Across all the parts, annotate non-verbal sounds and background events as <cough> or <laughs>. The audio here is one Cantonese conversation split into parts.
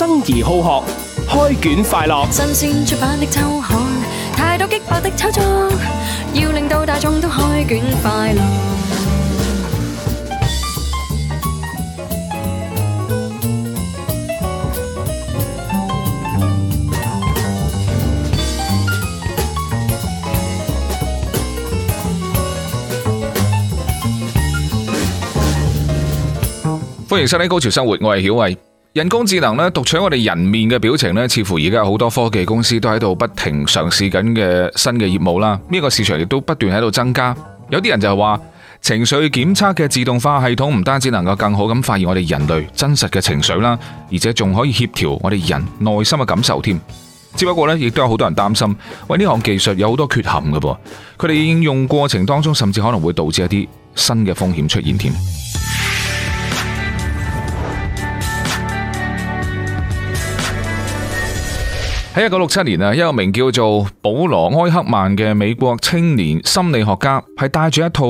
生而好學，開卷快樂。新鮮出版的周刊，太多激爆的炒作，要令到大眾都開卷快樂。歡迎收睇《高潮生活》，我係曉慧。人工智能咧讀取我哋人面嘅表情咧，似乎而家好多科技公司都喺度不停嘗試緊嘅新嘅業務啦。呢個市場亦都不斷喺度增加。有啲人就係話情緒檢測嘅自動化系統唔單止能夠更好咁發現我哋人類真實嘅情緒啦，而且仲可以協調我哋人內心嘅感受添。只不過呢亦都有好多人擔心，喂，呢項技術有好多缺陷噶噃。佢哋應用過程當中，甚至可能會導致一啲新嘅風險出現添。喺一九六七年啊，一個名叫做保羅埃克曼嘅美國青年心理學家，係帶住一套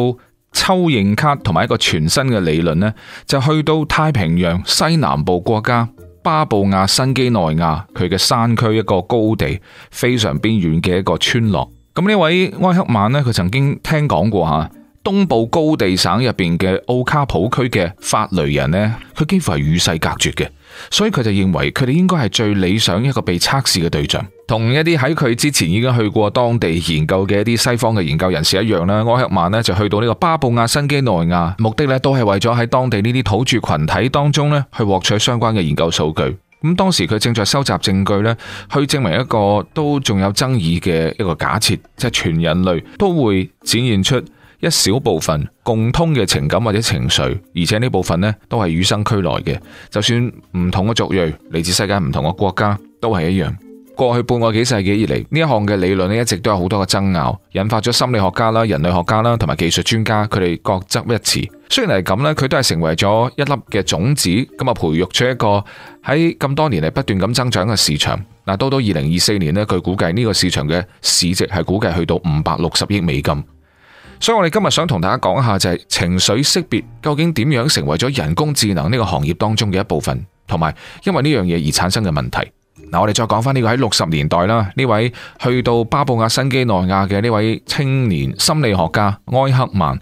抽認卡同埋一個全新嘅理論呢，就去到太平洋西南部國家，巴布亞新幾內亞，佢嘅山區一個高地，非常邊緣嘅一個村落。咁呢位埃克曼呢，佢曾經聽講過吓，東部高地省入邊嘅奧卡普區嘅法雷人呢，佢幾乎係與世隔絕嘅。所以佢就認為佢哋應該係最理想一個被測試嘅對象，同一啲喺佢之前已經去過當地研究嘅一啲西方嘅研究人士一樣啦。柯克曼呢就去到呢個巴布亞新畿內亞，目的呢都係為咗喺當地呢啲土著群體當中呢去獲取相關嘅研究數據。咁當時佢正在收集證據呢，去證明一個都仲有爭議嘅一個假設，即係全人類都會展現出。一小部分共通嘅情感或者情緒，而且呢部分呢都係與生俱來嘅。就算唔同嘅族裔嚟自世界唔同嘅國家，都係一樣。過去半個幾世紀以嚟，呢一項嘅理論呢，一直都有好多嘅爭拗，引發咗心理學家啦、人類學家啦同埋技術專家佢哋各執一詞。雖然係咁呢，佢都係成為咗一粒嘅種子，咁啊培育出一個喺咁多年嚟不斷咁增長嘅市場。嗱，到到二零二四年呢，佢估計呢個市場嘅市值係估計去到五百六十億美金。所以我哋今日想同大家講一下就係情緒識別究竟點樣成為咗人工智能呢個行業當中嘅一部分，同埋因為呢樣嘢而產生嘅問題。嗱，我哋再講翻呢個喺六十年代啦，呢位去到巴布亞新基內亞嘅呢位青年心理學家埃克曼，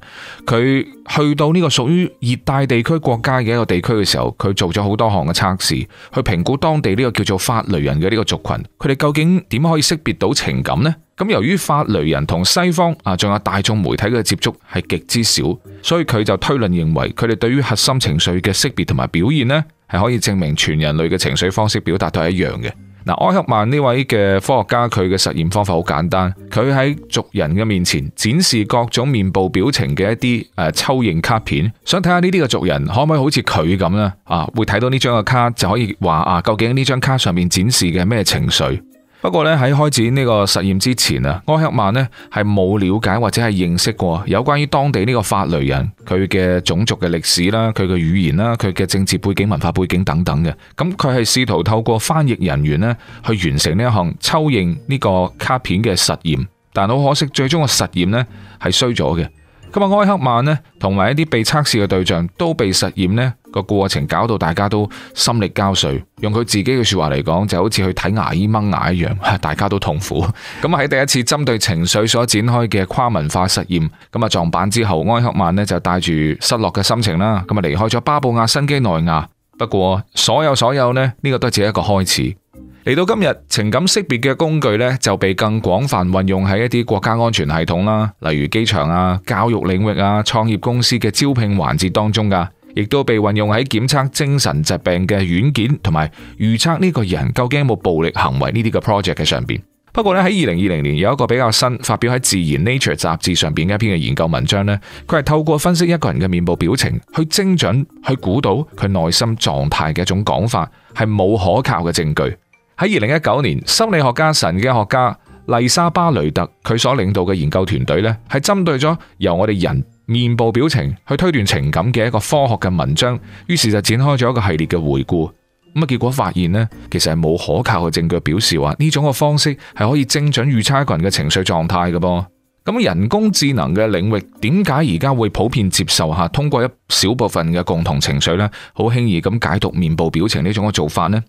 佢去到呢個屬於熱帶地區國家嘅一個地區嘅時候，佢做咗好多項嘅測試，去評估當地呢個叫做法雷人嘅呢個族群，佢哋究竟點可以識別到情感呢？咁由於法雷人同西方啊，仲有大眾媒體嘅接觸係極之少，所以佢就推論認為佢哋對於核心情緒嘅識別同埋表現呢，係可以證明全人類嘅情緒方式表達都係一樣嘅。嗱，埃克曼呢位嘅科學家，佢嘅實驗方法好簡單，佢喺族人嘅面前展示各種面部表情嘅一啲誒抽認卡片，想睇下呢啲嘅族人可唔可以好似佢咁呢？啊，會睇到呢張嘅卡就可以話啊，究竟呢張卡上面展示嘅咩情緒？不過咧喺開展呢個實驗之前啊，埃克曼咧係冇了解，或者係認識過有關於當地呢個法雷人佢嘅種族嘅歷史啦、佢嘅語言啦、佢嘅政治背景、文化背景等等嘅。咁佢係試圖透過翻譯人員咧去完成呢一項抽認呢個卡片嘅實驗，但好可惜最終，最終個實驗咧係衰咗嘅。咁啊，埃克曼咧同埋一啲被測試嘅對象都被實驗咧。個過程搞到大家都心力交瘁，用佢自己嘅說話嚟講，就好似去睇牙醫掹牙一樣，大家都痛苦。咁 <laughs> 喺第一次針對情緒所展開嘅跨文化實驗，咁啊撞板之後，埃克曼呢就帶住失落嘅心情啦，咁啊離開咗巴布亞新畿內亞。不過所有所有呢，呢、呢個都只係一個開始。嚟到今日，情感識別嘅工具呢，就被更廣泛運用喺一啲國家安全系統啦，例如機場啊、教育領域啊、創業公司嘅招聘環節當中噶。亦都被運用喺檢測精神疾病嘅軟件同埋預測呢個人究竟有冇暴力行為呢啲嘅 project 嘅上邊。不過咧，喺二零二零年有一個比較新發表喺《自然 Nature》雜誌上邊一篇嘅研究文章呢，佢係透過分析一個人嘅面部表情去精準去估到佢內心狀態嘅一種講法係冇可靠嘅證據。喺二零一九年，心理學家、神經學家麗莎巴雷特佢所領導嘅研究團隊呢，係針對咗由我哋人面部表情去推斷情感嘅一個科學嘅文章，於是就展開咗一個系列嘅回顧。咁結果發現呢，其實係冇可靠嘅證據表示話呢種嘅方式係可以精準預測一個人嘅情緒狀態嘅噃。咁人工智能嘅領域點解而家會普遍接受吓？通過一小部分嘅共同情緒咧，好輕易咁解讀面部表情呢種嘅做法呢？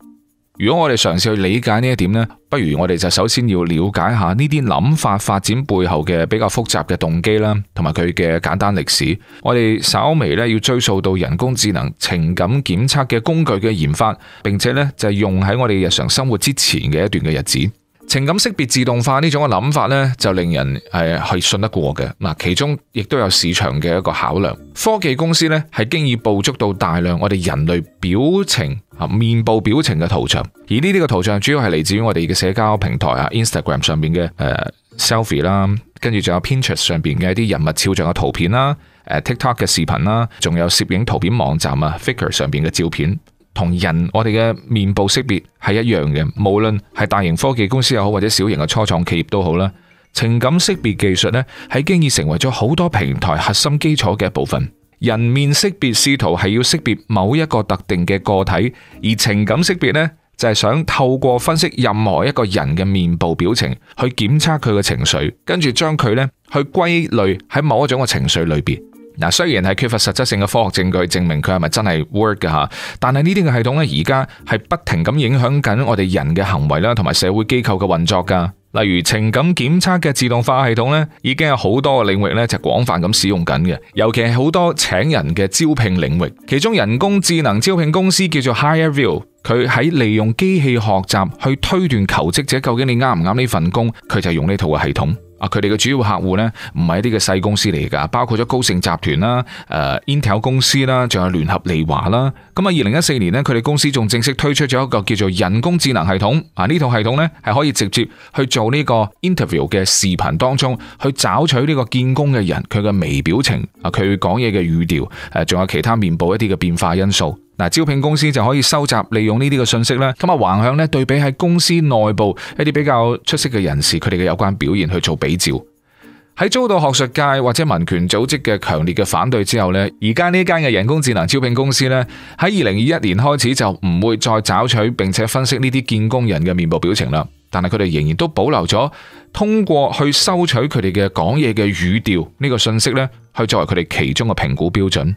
如果我哋嘗試去理解呢一點呢，不如我哋就首先要了解下呢啲諗法發展背後嘅比較複雜嘅動機啦，同埋佢嘅簡單歷史。我哋稍微呢要追溯到人工智能情感檢測嘅工具嘅研發，並且呢就係用喺我哋日常生活之前嘅一段嘅日子。情感識別自動化呢種嘅諗法呢，就令人係係信得過嘅。嗱，其中亦都有市場嘅一個考量。科技公司呢，係經已捕捉到大量我哋人類表情啊、面部表情嘅圖像，而呢啲嘅圖像主要係嚟自於我哋嘅社交平台啊，Instagram 上邊嘅誒、呃、selfie 啦，跟住仲有 Pinterest 上邊嘅一啲人物肖像嘅圖片啦，誒、呃、TikTok 嘅視頻啦，仲有攝影圖片網站啊 Flickr 上邊嘅照片。同人我哋嘅面部識別係一樣嘅，無論係大型科技公司又好，或者小型嘅初創企業都好啦。情感識別技術呢，喺經已成為咗好多平台核心基礎嘅一部分。人面識別試圖係要識別某一個特定嘅個體，而情感識別呢，就係、是、想透過分析任何一個人嘅面部表情，去檢測佢嘅情緒，跟住將佢呢去歸類喺某一種嘅情緒裏邊。嗱，雖然係缺乏實質性嘅科學證據證明佢係咪真係 work 㗎吓，但係呢啲嘅系統咧，而家係不停咁影響緊我哋人嘅行為啦，同埋社會機構嘅運作㗎。例如情感檢測嘅自動化系統咧，已經有好多個領域咧就廣泛咁使用緊嘅，尤其係好多請人嘅招聘領域，其中人工智能招聘公司叫做 HireVue，佢喺利用機器學習去推斷求職者究竟你啱唔啱呢份工，佢就用呢套嘅系統。啊！佢哋嘅主要客戶呢，唔係一啲嘅細公司嚟噶，包括咗高盛集團啦、誒 Intel 公司啦，仲有聯合利華啦。咁啊，二零一四年呢，佢哋公司仲正式推出咗一個叫做人工智能系統。啊，呢套系統呢，係可以直接去做呢個 interview 嘅視頻當中去找取呢個見工嘅人佢嘅微表情啊，佢講嘢嘅語調，誒，仲有其他面部一啲嘅變化因素。嗱，招聘公司就可以收集、利用呢啲嘅信息啦。咁啊，橫向咧對比喺公司內部一啲比較出色嘅人士，佢哋嘅有關表現去做比照。喺遭到學術界或者民權組織嘅強烈嘅反對之後咧，而家呢間嘅人工智能招聘公司咧，喺二零二一年開始就唔會再抓取並且分析呢啲見工人嘅面部表情啦。但係佢哋仍然都保留咗通過去收取佢哋嘅講嘢嘅語調呢個信息咧，去作為佢哋其中嘅評估標準。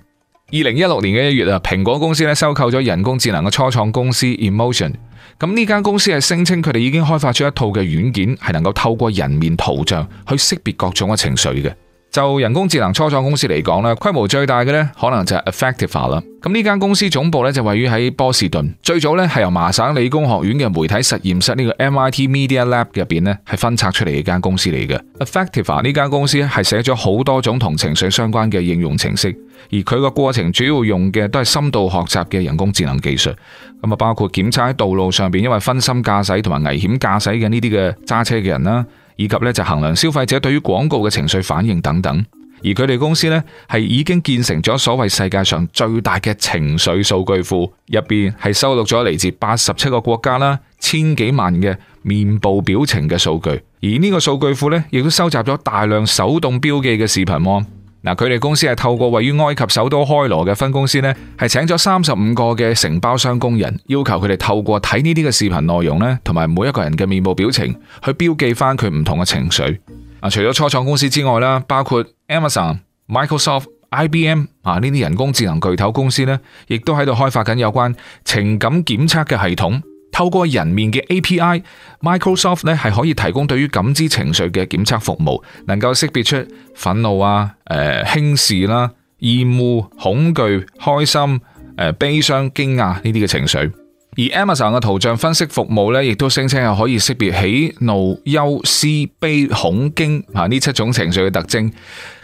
二零一六年嘅一月啊，蘋果公司咧收購咗人工智能嘅初創公司 Emotion。咁呢間公司係聲稱佢哋已經開發出一套嘅軟件，係能夠透過人面圖像去識別各種嘅情緒嘅。就人工智能初創公司嚟講咧，規模最大嘅咧，可能就係 Affectiva 啦。咁呢間公司總部咧就位於喺波士頓，最早咧係由麻省理工學院嘅媒體實驗室呢個 MIT Media Lab 入邊咧係分拆出嚟嘅一間公司嚟嘅。Affectiva 呢間公司咧係寫咗好多種同情緒相關嘅應用程式，而佢個過程主要用嘅都係深度學習嘅人工智能技術。咁啊，包括檢測喺道路上邊因為分心駕駛同埋危險駕駛嘅呢啲嘅揸車嘅人啦。以及咧就衡量消費者對於廣告嘅情緒反應等等，而佢哋公司咧係已經建成咗所謂世界上最大嘅情緒數據庫，入邊係收錄咗嚟自八十七個國家啦，千幾萬嘅面部表情嘅數據，而呢個數據庫呢，亦都收集咗大量手動標記嘅視頻案。嗱，佢哋公司係透過位於埃及首都開羅嘅分公司咧，係請咗三十五個嘅承包商工人，要求佢哋透過睇呢啲嘅視頻內容咧，同埋每一個人嘅面部表情去標記翻佢唔同嘅情緒。啊，除咗初創公司之外啦，包括 Amazon、Microsoft、IBM 啊呢啲人工智能巨頭公司咧，亦都喺度開發緊有關情感檢測嘅系統。透過人面嘅 API，Microsoft 咧係可以提供對於感知情緒嘅檢測服務，能夠識別出憤怒啊、誒、呃、輕視啦、厭惡、恐懼、開心、誒、呃、悲傷、驚訝呢啲嘅情緒。而 Amazon 嘅圖像分析服務咧，亦都聲稱係可以識別喜怒憂思悲恐驚啊呢七種情緒嘅特徵，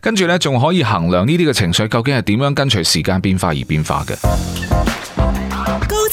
跟住咧仲可以衡量呢啲嘅情緒究竟係點樣跟隨時間變化而變化嘅。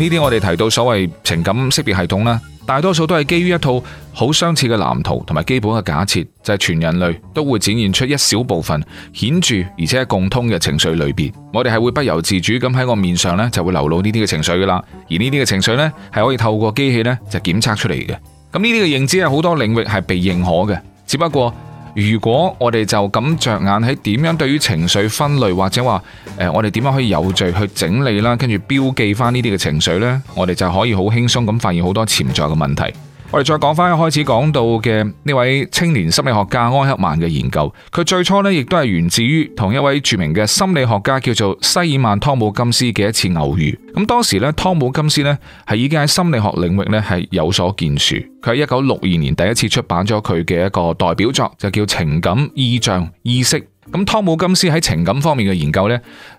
呢啲我哋提到所謂情感識別系統啦，大多數都係基於一套好相似嘅藍圖同埋基本嘅假設，就係全人類都會展現出一小部分顯著而且係共通嘅情緒類別。我哋係會不由自主咁喺我面上呢就會流露呢啲嘅情緒噶啦，而呢啲嘅情緒呢，係可以透過機器呢就檢測出嚟嘅。咁呢啲嘅認知係好多領域係被認可嘅，只不過。如果我哋就咁着眼喺點樣對於情緒分類，或者話誒我哋點樣可以有序去整理啦，跟住標記翻呢啲嘅情緒咧，我哋就可以好輕鬆咁發現好多潛在嘅問題。我哋再講翻一開始講到嘅呢位青年心理學家埃克曼嘅研究，佢最初呢亦都係源自於同一位著名嘅心理學家叫做西爾曼湯姆金斯嘅一次偶遇。咁當時呢，湯姆金斯呢係已經喺心理學領域呢係有所建樹。佢喺一九六二年第一次出版咗佢嘅一個代表作，就叫《情感意象意識》。咁湯姆金斯喺情感方面嘅研究呢，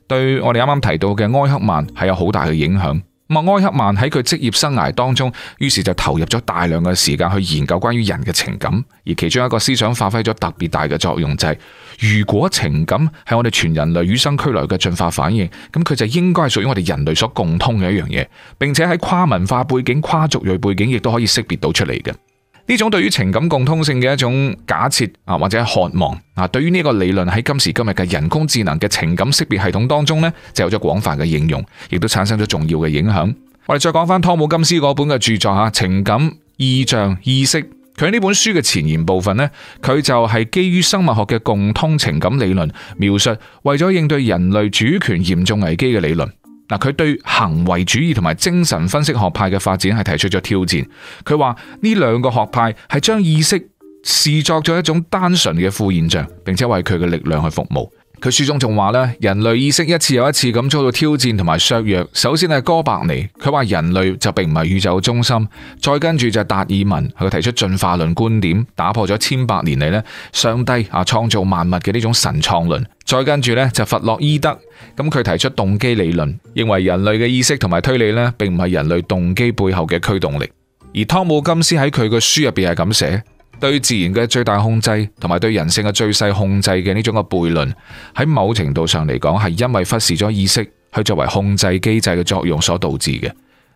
對我哋啱啱提到嘅埃克曼係有好大嘅影響。嘛，默埃克曼喺佢職業生涯當中，於是就投入咗大量嘅時間去研究關於人嘅情感，而其中一個思想發揮咗特別大嘅作用，就係，就係如果情感係我哋全人類與生俱來嘅進化反應，咁佢就應該係屬於我哋人類所共通嘅一樣嘢，並且喺跨文化背景、跨族裔背景亦都可以識別到出嚟嘅。呢種對於情感共通性嘅一種假設啊，或者渴望啊，對於呢個理論喺今時今日嘅人工智能嘅情感識別系統當中呢，就有咗廣泛嘅應用，亦都產生咗重要嘅影響。我哋再講翻湯姆金斯嗰本嘅著作吓，情感、意象、意識，佢喺呢本書嘅前言部分呢，佢就係基於生物學嘅共通情感理論，描述為咗應對人類主權嚴重危機嘅理論。嗱，佢對行為主義同埋精神分析學派嘅發展係提出咗挑戰。佢話呢兩個學派係將意識視作咗一種單純嘅副現象，並且為佢嘅力量去服務。佢書中仲話咧，人類意識一次又一次咁遭到挑戰同埋削弱。首先係哥白尼，佢話人類就並唔係宇宙中心。再跟住就達爾文，佢提出進化論觀點，打破咗千百年嚟咧上帝啊創造萬物嘅呢種神創論。再跟住咧就弗洛伊德，咁佢提出動機理論，認為人類嘅意識同埋推理咧並唔係人類動機背後嘅驅動力。而湯姆金斯喺佢嘅書入邊係咁寫。對自然嘅最大控制，同埋對人性嘅最細控制嘅呢種嘅悖論，喺某程度上嚟講，係因為忽視咗意識去作為控制機制嘅作用所導致嘅。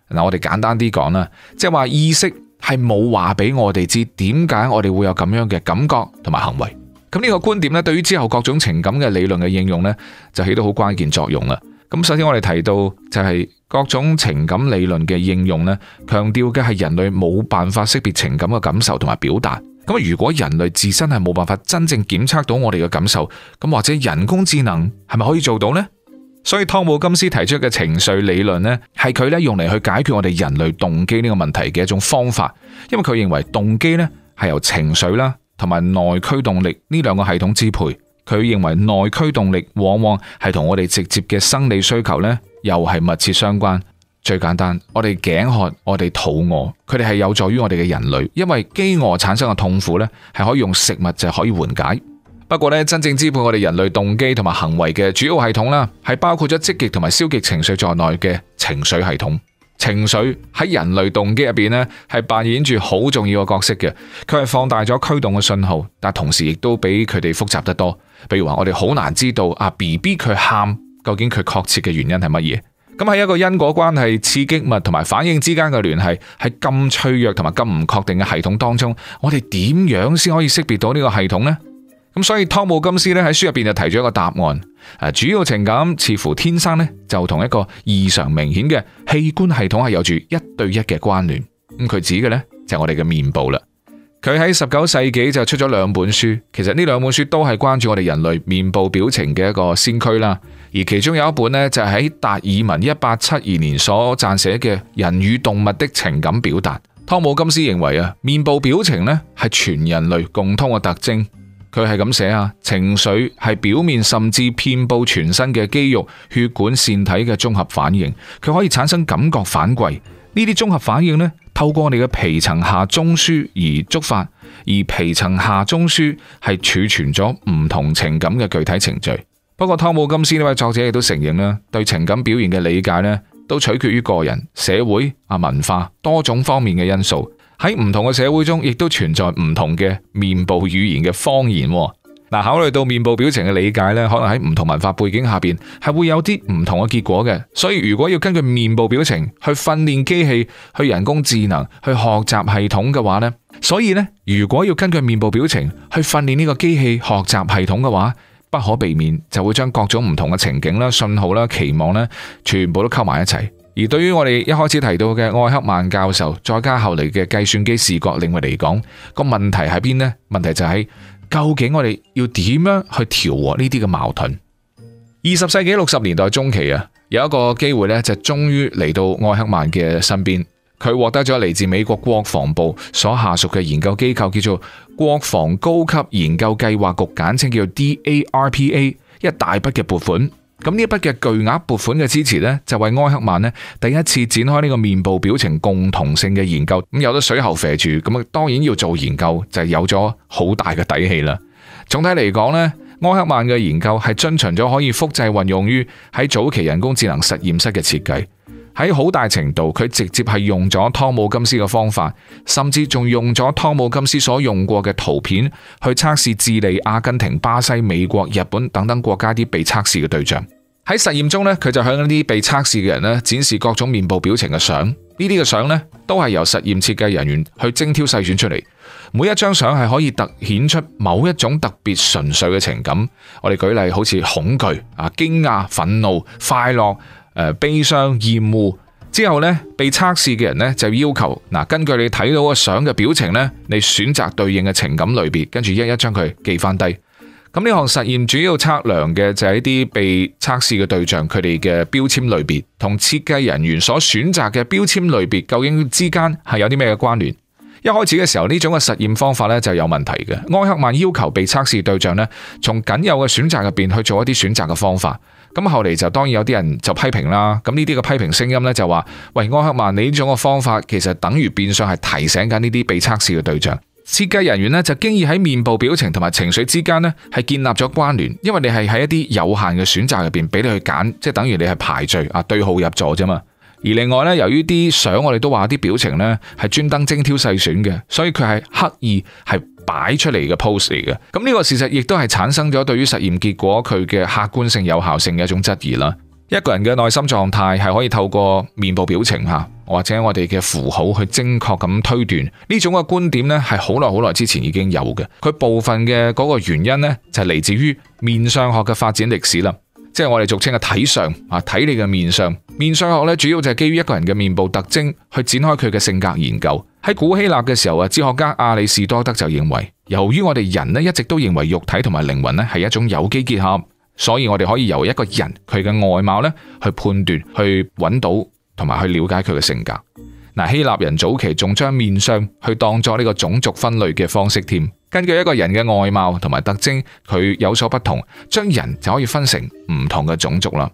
嗱，我哋簡單啲講啦，即係話意識係冇話俾我哋知點解我哋會有咁樣嘅感覺同埋行為。咁、這、呢個觀點呢，對於之後各種情感嘅理論嘅應用呢，就起到好關鍵作用啦。咁首先我哋提到就係各種情感理論嘅應用呢，強調嘅係人類冇辦法識別情感嘅感受同埋表達。咁如果人類自身係冇辦法真正檢測到我哋嘅感受，咁或者人工智能係咪可以做到呢？所以湯姆金斯提出嘅情緒理論呢，係佢咧用嚟去解決我哋人類動機呢個問題嘅一種方法。因為佢認為動機呢係由情緒啦同埋內驅動力呢兩個系統支配。佢認為內驅動力往往係同我哋直接嘅生理需求呢，又係密切相關。最簡單，我哋頸渴，我哋肚餓，佢哋係有助於我哋嘅人類，因為飢餓產生嘅痛苦呢，係可以用食物就可以緩解。不過呢，真正支配我哋人類動機同埋行為嘅主要系統啦，係包括咗積極同埋消極情緒在內嘅情緒系統。情緒喺人類動機入邊呢，係扮演住好重要嘅角色嘅，佢係放大咗驅動嘅信號，但同時亦都比佢哋複雜得多。比如話，我哋好難知道啊 BB 佢喊，究竟佢確切嘅原因係乜嘢。咁喺一個因果關係、刺激物同埋反應之間嘅聯繫，係咁脆弱同埋咁唔確定嘅系統當中，我哋點樣先可以識別到呢個系統呢？咁所以湯姆金斯呢喺書入邊就提咗一個答案，啊，主要情感似乎天生呢，就同一個異常明顯嘅器官系統係有住一對一嘅關聯，咁佢指嘅呢，就係我哋嘅面部啦。佢喺十九世紀就出咗兩本書，其實呢兩本書都係關注我哋人類面部表情嘅一個先驅啦。而其中有一本呢，就喺達爾文一八七二年所撰寫嘅《人與動物的情感表達》。湯姆金斯認為啊，面部表情呢係全人類共通嘅特徵。佢係咁寫啊，情緒係表面甚至遍佈全身嘅肌肉、血管、腺體嘅綜合反應，佢可以產生感覺反饋。呢啲綜合反應呢。透過你嘅皮層下中樞而觸發，而皮層下中樞係儲存咗唔同情感嘅具體程序。不過湯姆金斯呢位作者亦都承認咧，對情感表現嘅理解咧，都取決於個人、社會啊文化多種方面嘅因素。喺唔同嘅社會中，亦都存在唔同嘅面部語言嘅方言。嗱，考慮到面部表情嘅理解呢，可能喺唔同文化背景下邊係會有啲唔同嘅結果嘅，所以如果要根據面部表情去訓練機器、去人工智能、去學習系統嘅話呢，所以呢，如果要根據面部表情去訓練呢個機器學習系統嘅話，不可避免就會將各種唔同嘅情景啦、信號啦、期望呢，全部都溝埋一齊。而對於我哋一開始提到嘅愛克曼教授，再加後嚟嘅計算機視覺領域嚟講，個問題喺邊呢？問題就喺。究竟我哋要點樣去調和呢啲嘅矛盾？二十世紀六十年代中期啊，有一個機會咧，就終於嚟到愛克曼嘅身邊，佢獲得咗嚟自美國國防部所下屬嘅研究機構，叫做國防高級研究計劃局，簡稱叫做 DARPA，一大筆嘅撥款。咁呢一筆嘅巨額撥款嘅支持呢，就為埃克曼呢第一次展開呢個面部表情共同性嘅研究。咁有咗水喉肥住，咁啊當然要做研究就有咗好大嘅底氣啦。總體嚟講，呢埃克曼嘅研究係遵循咗可以複製運用於喺早期人工智能實驗室嘅設計。喺好大程度，佢直接係用咗湯姆金斯嘅方法，甚至仲用咗湯姆金斯所用過嘅圖片去測試智利、阿根廷、巴西、美國、日本等等國家啲被測試嘅對象。喺實驗中呢佢就向一啲被測試嘅人呢展示各種面部表情嘅相，呢啲嘅相呢，都係由實驗設計人員去精挑細選出嚟，每一張相係可以凸顯出某一種特別純粹嘅情感。我哋舉例，好似恐懼、啊驚訝、憤、憤怒、快樂。誒，悲傷、厭惡之後呢被測試嘅人呢，就要求嗱，根據你睇到個相嘅表情呢你選擇對應嘅情感類別，跟住一一將佢記翻低。咁呢項實驗主要測量嘅就係一啲被測試嘅對象佢哋嘅標籤類別，同設計人員所選擇嘅標籤類別究竟之間係有啲咩嘅關聯？一開始嘅時候呢種嘅實驗方法呢，就有問題嘅，埃克曼要求被測試對象呢，從僅有嘅選擇入邊去做一啲選擇嘅方法。咁後嚟就當然有啲人就批評啦，咁呢啲嘅批評聲音呢，就話：喂，安克曼，你呢種嘅方法其實等於變相係提醒緊呢啲被測試嘅對象。設計人員呢，就經已喺面部表情同埋情緒之間呢，係建立咗關聯，因為你係喺一啲有限嘅選擇入邊俾你去揀，即係等於你係排序啊，對號入座啫嘛。而另外呢，由於啲相我哋都話啲表情呢，係專登精挑細選嘅，所以佢係刻意係。擺出嚟嘅 pose 嚟嘅，咁呢個事實亦都係產生咗對於實驗結果佢嘅客觀性、有效性嘅一種質疑啦。一個人嘅內心狀態係可以透過面部表情吓，或者我哋嘅符號去精確咁推斷呢種嘅觀點呢，係好耐好耐之前已經有嘅。佢部分嘅嗰個原因呢，就係嚟自於面相學嘅發展歷史啦。即係我哋俗稱嘅體相啊，睇你嘅面相。面相學咧，主要就係基於一個人嘅面部特徵去展開佢嘅性格研究。喺古希臘嘅時候啊，哲學家阿里士多德就認為，由於我哋人咧，一直都認為肉體同埋靈魂咧，係一種有機結合，所以我哋可以由一個人佢嘅外貌咧，去判斷、去揾到同埋去了解佢嘅性格。嗱，希臘人早期仲將面相去當作呢個種族分類嘅方式添，根據一個人嘅外貌同埋特徵，佢有所不同，將人就可以分成唔同嘅種族啦。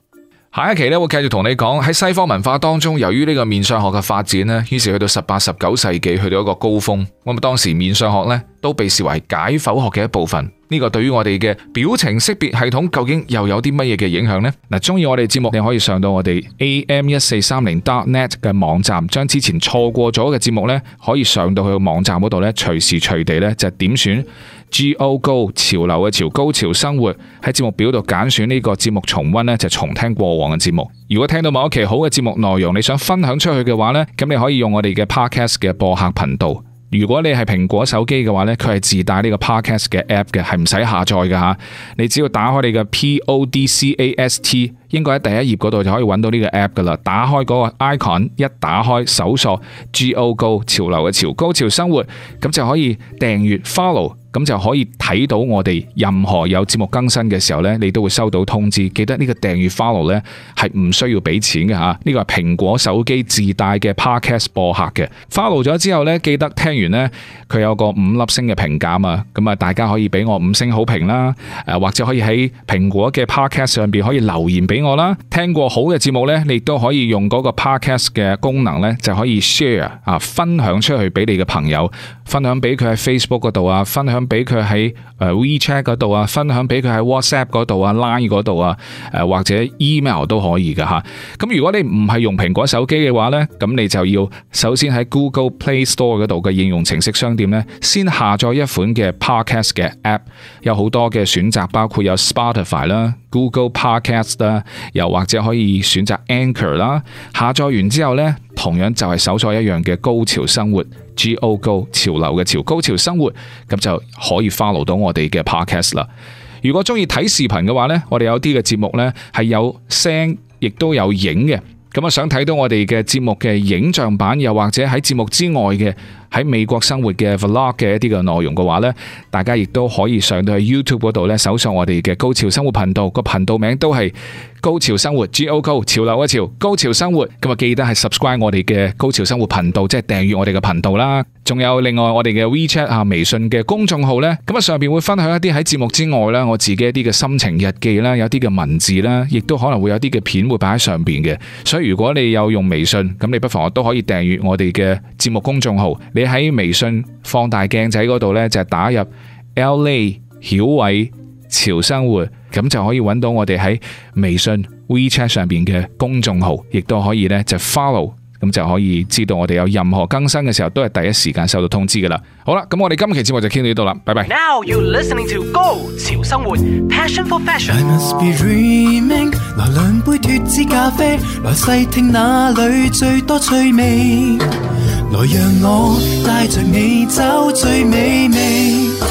下一期咧會繼續同你講喺西方文化當中，由於呢個面相學嘅發展咧，於是去到十八十九世紀去到一個高峰。咁啊，當時面相學咧都被視為解剖學嘅一部分。呢個對於我哋嘅表情識別系統究竟又有啲乜嘢嘅影響呢？嗱，中意我哋節目，你可以上到我哋 am 一四三零 dotnet 嘅網站，將之前錯過咗嘅節目呢，可以上到去個網站嗰度咧，隨時隨地呢，就點選。g o g 潮流嘅潮高潮生活，喺節目表度揀選呢個節目重温呢，就重聽過往嘅節目。如果聽到某一期好嘅節目內容，你想分享出去嘅話呢，咁你可以用我哋嘅 Podcast 嘅播客頻道。如果你係蘋果手機嘅話呢，佢係自帶呢個 Podcast 嘅 app 嘅，係唔使下載嘅吓。你只要打開你嘅 Podcast，應該喺第一頁嗰度就可以揾到呢個 app 噶啦。打開嗰個 icon，一打開搜索 G.O.Go 潮流嘅潮高潮生活，咁就可以訂閱 follow。咁就可以睇到我哋任何有節目更新嘅時候咧，你都會收到通知。記得呢個訂閱 follow 咧係唔需要俾錢嘅吓，呢個係蘋果手機自帶嘅 Podcast 播客嘅 follow 咗之後咧，記得聽完咧佢有個五粒星嘅評價啊，咁啊大家可以俾我五星好評啦，誒、啊、或者可以喺蘋果嘅 Podcast 上邊可以留言俾我啦、啊。聽過好嘅節目咧，你都可以用個 Podcast 嘅功能咧就可以 share 啊分享出去俾你嘅朋友，分享俾佢喺 Facebook 度啊，分享。俾佢喺誒 WeChat 度啊，分享俾佢喺 WhatsApp 度啊、Line 度啊，誒或者 email 都可以㗎吓。咁如果你唔係用蘋果手機嘅話呢，咁你就要首先喺 Google Play Store 度嘅應用程式商店呢，先下載一款嘅 Podcast 嘅 app，有好多嘅選擇，包括有 Spotify 啦、Google Podcast 啦，又或者可以選擇 Anchor 啦。下載完之後呢，同樣就係搜索一樣嘅高潮生活。G O Go 潮流嘅潮，高潮生活，咁就可以 follow 到我哋嘅 podcast 啦。如果中意睇視頻嘅話呢，我哋有啲嘅節目呢係有聲，亦都有影嘅。咁啊，想睇到我哋嘅節目嘅影像版，又或者喺節目之外嘅喺美國生活嘅 vlog 嘅一啲嘅內容嘅話呢，大家亦都可以上到去 YouTube 嗰度呢，搜索我哋嘅高潮生活頻道，個頻道名都係。高潮生活 G O GO 潮流一潮，高潮生活咁啊！記得係 subscribe 我哋嘅高潮生活頻道，即係訂閱我哋嘅頻道啦。仲，有另外我哋嘅 WeChat 啊，微信嘅公眾號呢。咁啊，上邊會分享一啲喺節目之外啦，我自己一啲嘅心情日記啦，有啲嘅文字啦，亦都可能會有啲嘅片會擺喺上邊嘅。所以如果你有用微信，咁你不妨都可以訂閱我哋嘅節目公眾號。你喺微信放大鏡仔嗰度呢，就係打入 L A 曉偉潮生活。咁就可以揾到我哋喺微信 WeChat 上邊嘅公眾號，亦都可以呢，就 follow，咁就可以知道我哋有任何更新嘅時候，都係第一時間收到通知噶啦。好啦，咁我哋今期節目就傾到呢度啦，拜拜。Now you listening to Go 潮生活，Passion for Fashion，I must be dreaming。嚟兩杯脫脂咖啡，嚟細聽嗰度最多趣味，嚟讓我帶着你走最美味。